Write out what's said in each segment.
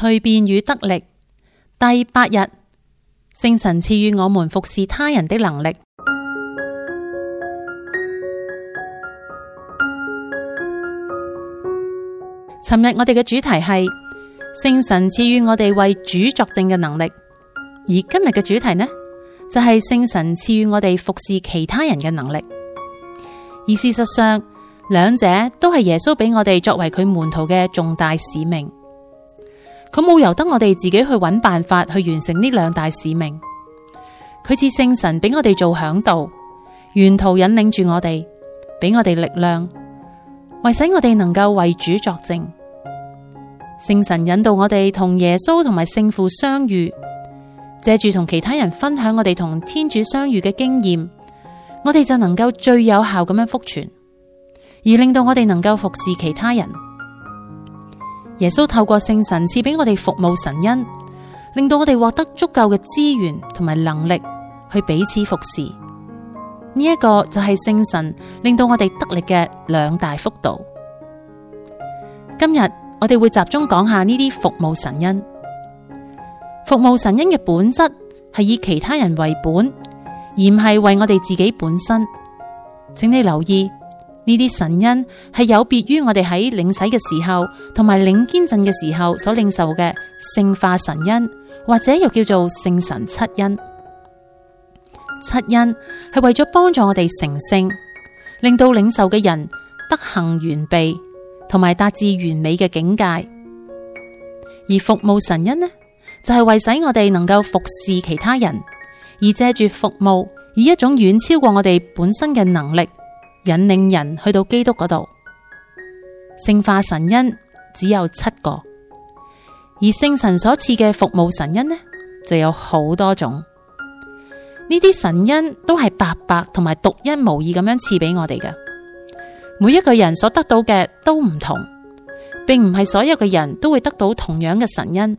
蛻變與得力，第八日，聖神賜予我們服侍他人的能力。尋日我哋嘅主題係聖神賜予我哋為主作證嘅能力，而今日嘅主題呢就係、是、聖神賜予我哋服侍其他人嘅能力。而事實上，兩者都係耶穌俾我哋作為佢門徒嘅重大使命。佢冇由得我哋自己去揾辦法去完成呢兩大使命，佢賜聖神俾我哋做嚮導，沿途引領住我哋，俾我哋力量，為使我哋能夠為主作證。聖神引導我哋同耶穌同埋聖父相遇，借住同其他人分享我哋同天主相遇嘅經驗，我哋就能夠最有效咁樣福傳，而令到我哋能夠服侍其他人。耶穌透過聖神賜俾我哋服務神恩，令到我哋獲得足夠嘅資源同埋能力去彼此服侍。呢一個就係聖神令到我哋得力嘅兩大幅度。今日我哋會集中講下呢啲服務神恩。服務神恩嘅本質係以其他人為本，而唔係為我哋自己本身。請你留意。呢啲神恩係有別於我哋喺領洗嘅時候，同埋領堅振嘅時候所領受嘅聖化神恩，或者又叫做聖神七恩。七恩係為咗幫助我哋成聖，令到領受嘅人德行完備，同埋達至完美嘅境界。而服務神恩呢，就係、是、為使我哋能夠服侍其他人，而借住服務，以一種遠超過我哋本身嘅能力。引領人去到基督嗰度。聖化神恩只有七個，而聖神所賜嘅服務神恩呢，就有好多種。呢啲神恩都係白白同埋獨一無二咁樣賜俾我哋嘅，每一個人所得到嘅都唔同，並唔係所有嘅人都會得到同樣嘅神恩。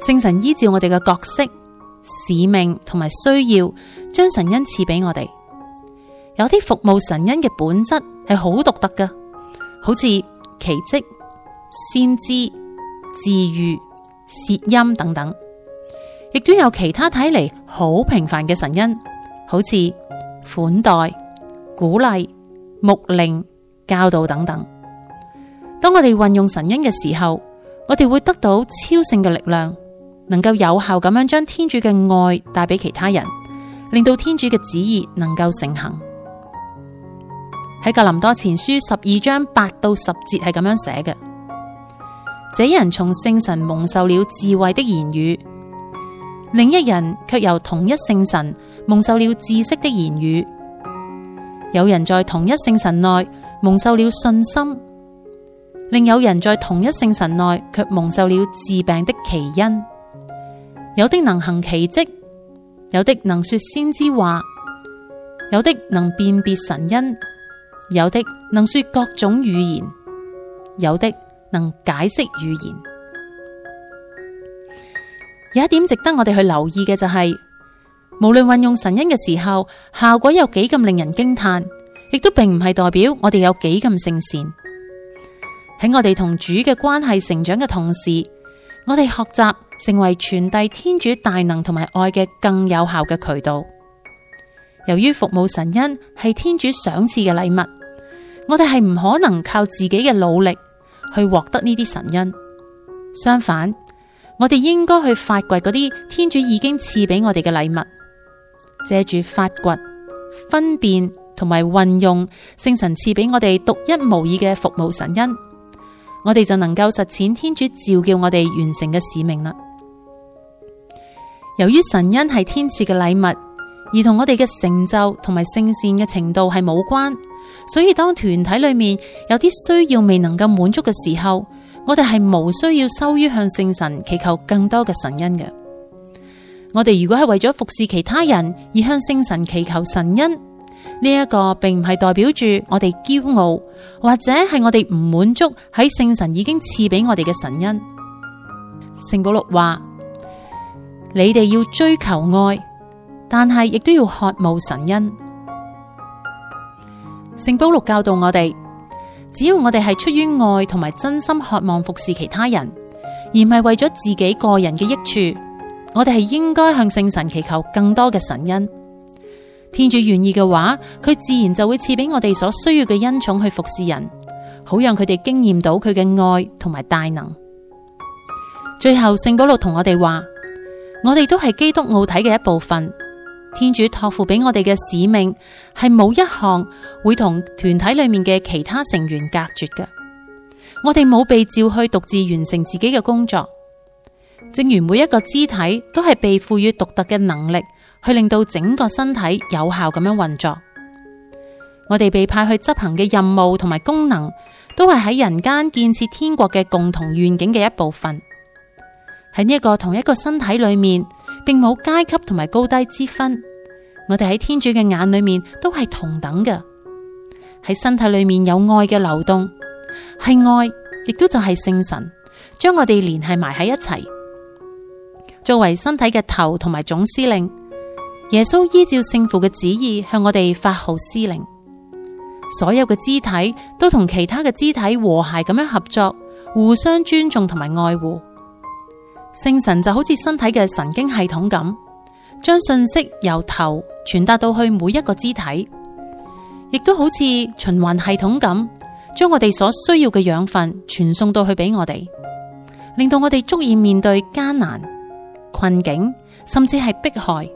聖神依照我哋嘅角色、使命同埋需要，將神恩賜俾我哋。有啲服務神恩嘅本質係好獨特嘅，好似奇蹟、先知、治愈、舌音等等；亦都有其他睇嚟好平凡嘅神恩，好似款待、鼓勵、牧靈、教導等等。當我哋運用神恩嘅時候，我哋會得到超性嘅力量，能夠有效咁樣將天主嘅愛帶俾其他人，令到天主嘅旨意能夠承行。喺格林多前書十二章八到十節係咁樣寫嘅：這人從聖神蒙受了智慧的言語，另一人卻由同一聖神蒙受了知識的言語；有人在同一聖神內蒙受了信心，另有人在同一聖神內卻蒙受了治病的奇恩。有的能行奇蹟，有的能說先知話，有的能辨別神恩。有的能說各種語言，有的能解釋語言。有一點值得我哋去留意嘅就係，無論運用神恩嘅時候，效果有幾咁令人驚嘆，亦都並唔係代表我哋有幾咁聖善。喺我哋同主嘅關係成長嘅同時，我哋學習成為傳遞天主大能同埋愛嘅更有效嘅渠道。由於服務神恩係天主賞賜嘅禮物，我哋係唔可能靠自己嘅努力去獲得呢啲神恩。相反，我哋應該去發掘嗰啲天主已經賜俾我哋嘅禮物，借住發掘、分辨同埋運用聖神賜俾我哋獨一無二嘅服務神恩，我哋就能夠實踐天主召叫我哋完成嘅使命啦。由於神恩係天賜嘅禮物。而同我哋嘅成就同埋聖善嘅程度係冇關，所以當團體裏面有啲需要未能夠滿足嘅時候，我哋係無需要羞於向聖神祈求更多嘅神恩嘅。我哋如果係為咗服侍其他人而向聖神祈求神恩，呢、這、一個並唔係代表住我哋驕傲，或者係我哋唔滿足喺聖神已經賜俾我哋嘅神恩。聖保祿話：你哋要追求愛。但係，亦都要渴慕神恩。聖保祿教導我哋，只要我哋係出於愛同埋真心，渴望服侍其他人，而唔係為咗自己個人嘅益處，我哋係應該向聖神祈求更多嘅神恩。天主願意嘅話，佢自然就會賜俾我哋所需要嘅恩寵去服侍人，好讓佢哋經驗到佢嘅愛同埋大能。最後，聖保祿同我哋話，我哋都係基督奧體嘅一部分。天主託付俾我哋嘅使命，係冇一項會同團體裏面嘅其他成員隔絕嘅。我哋冇被召去獨自完成自己嘅工作，正如每一個肢體都係被賦予獨特嘅能力，去令到整個身體有效咁樣運作。我哋被派去執行嘅任務同埋功能，都係喺人間建設天國嘅共同願景嘅一部分。喺呢一個同一個身體裏面，並冇階級同埋高低之分，我哋喺天主嘅眼裏面都係同等嘅。喺身體裏面有愛嘅流動，係愛，亦都就係聖神將我哋聯繫埋喺一齊。作為身體嘅頭同埋總司令，耶穌依照聖父嘅旨意向我哋發號施令，所有嘅肢體都同其他嘅肢體和諧咁樣合作，互相尊重同埋愛護。聖神就好似身體嘅神經系統咁，將信息由頭傳達到去每一個肢體，亦都好似循環系統咁，將我哋所需要嘅養分傳送到去俾我哋，令到我哋足以面對艱難、困境，甚至係迫害。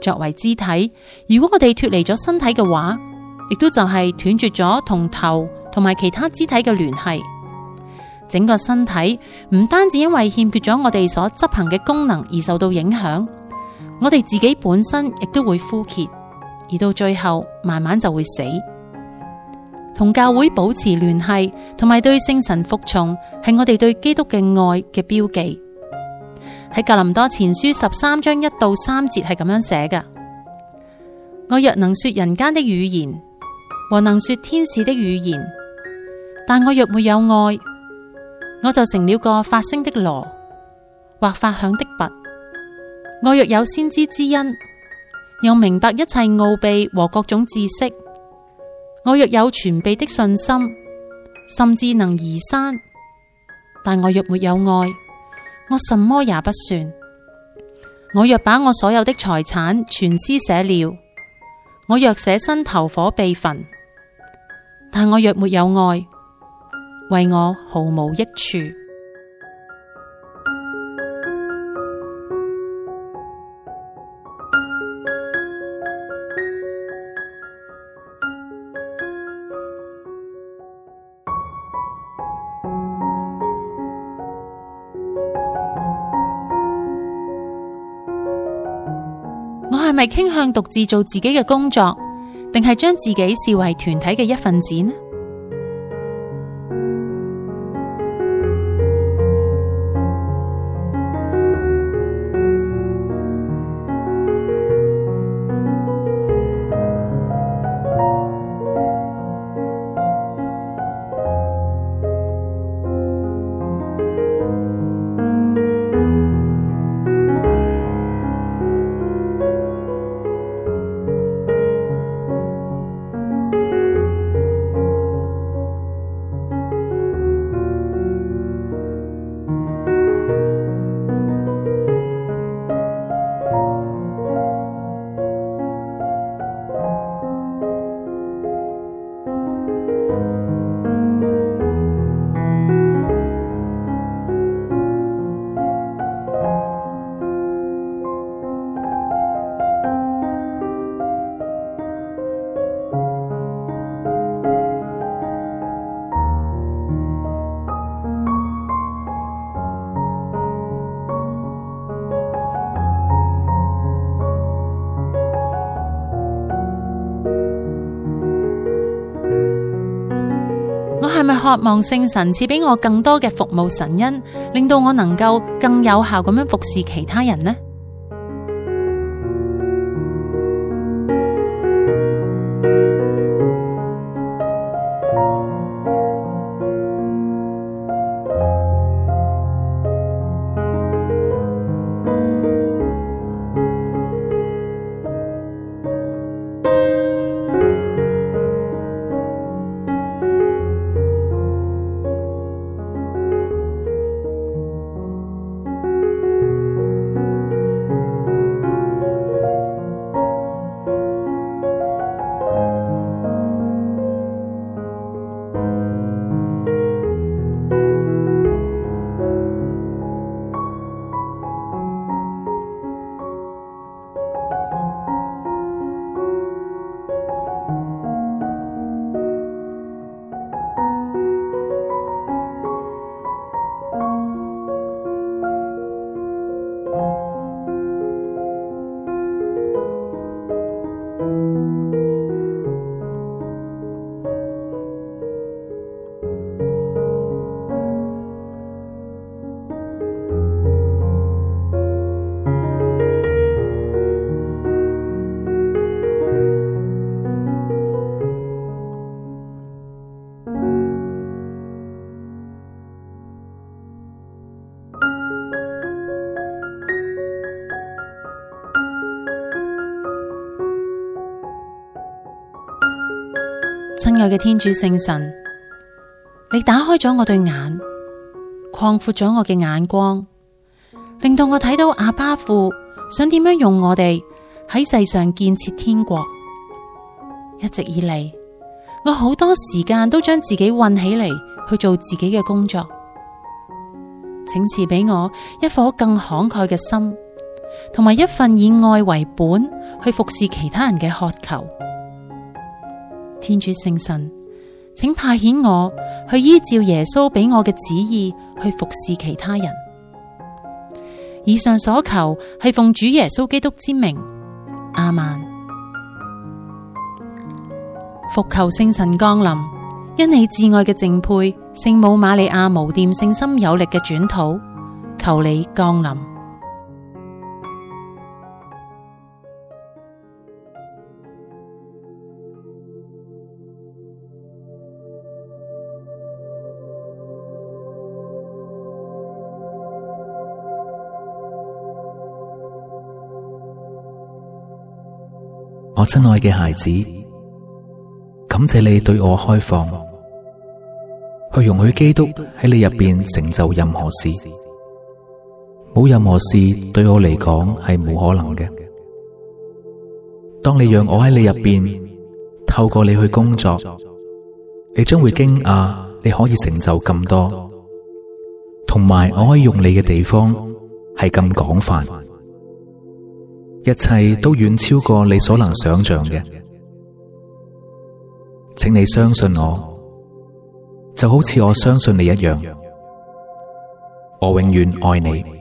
作為肢體，如果我哋脫離咗身體嘅話，亦都就係斷絕咗同頭同埋其他肢體嘅聯繫。整個身體唔單止因為欠缺咗我哋所執行嘅功能而受到影響，我哋自己本身亦都會枯竭，而到最後慢慢就會死。同教會保持聯繫，同埋對聖神服從，係我哋對基督嘅愛嘅標記。喺格林多前書十三章一到三節係咁樣寫嘅：我若能說人間的語言，和能說天使的語言，但我若沒有愛。我就成了個發聲的鑼，或發響的鈸。我若有先知之恩，又明白一切奧秘和各種知識，我若有全備的信心，甚至能移山。但我若沒有愛，我什麼也不算。我若把我所有的財產全施捨了，我若捨身投火被焚，但我若沒有愛，為我毫無益處。我係咪傾向獨自做自己嘅工作，定係將自己視為團體嘅一份子呢？渴望聖神賜俾我更多嘅服務神恩，令到我能夠更有效咁樣服侍其他人呢？愛嘅天主聖神，你打開咗我對眼，擴闊咗我嘅眼光，令到我睇到阿爸父想點樣用我哋喺世上建設天國。一直以嚟，我好多時間都將自己困起嚟去做自己嘅工作。請賜俾我一顆更慷慨嘅心，同埋一份以愛為本去服侍其他人嘅渴求。天主聖神，請派遣我去依照耶穌俾我嘅旨意去服侍其他人。以上所求係奉主耶穌基督之名，阿曼。門。求聖神降臨，因你至愛嘅敬佩，聖母瑪利亞無玷聖心有力嘅轉土，求你降臨。我親愛嘅孩子，感謝你對我開放，去容許基督喺你入邊成就任何事。冇任何事對我嚟講係冇可能嘅。當你讓我喺你入邊透過你去工作，你將會驚訝你可以成就咁多，同埋我可以用你嘅地方係咁廣泛。一切都遠超過你所能想象嘅，請你相信我，就好似我相信你一樣，我永遠愛你。